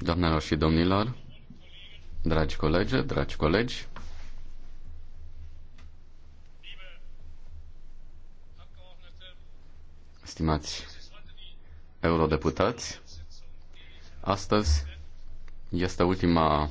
Doamnelor și domnilor, dragi colegi, dragi colegi, stimați eurodeputați, astăzi este ultima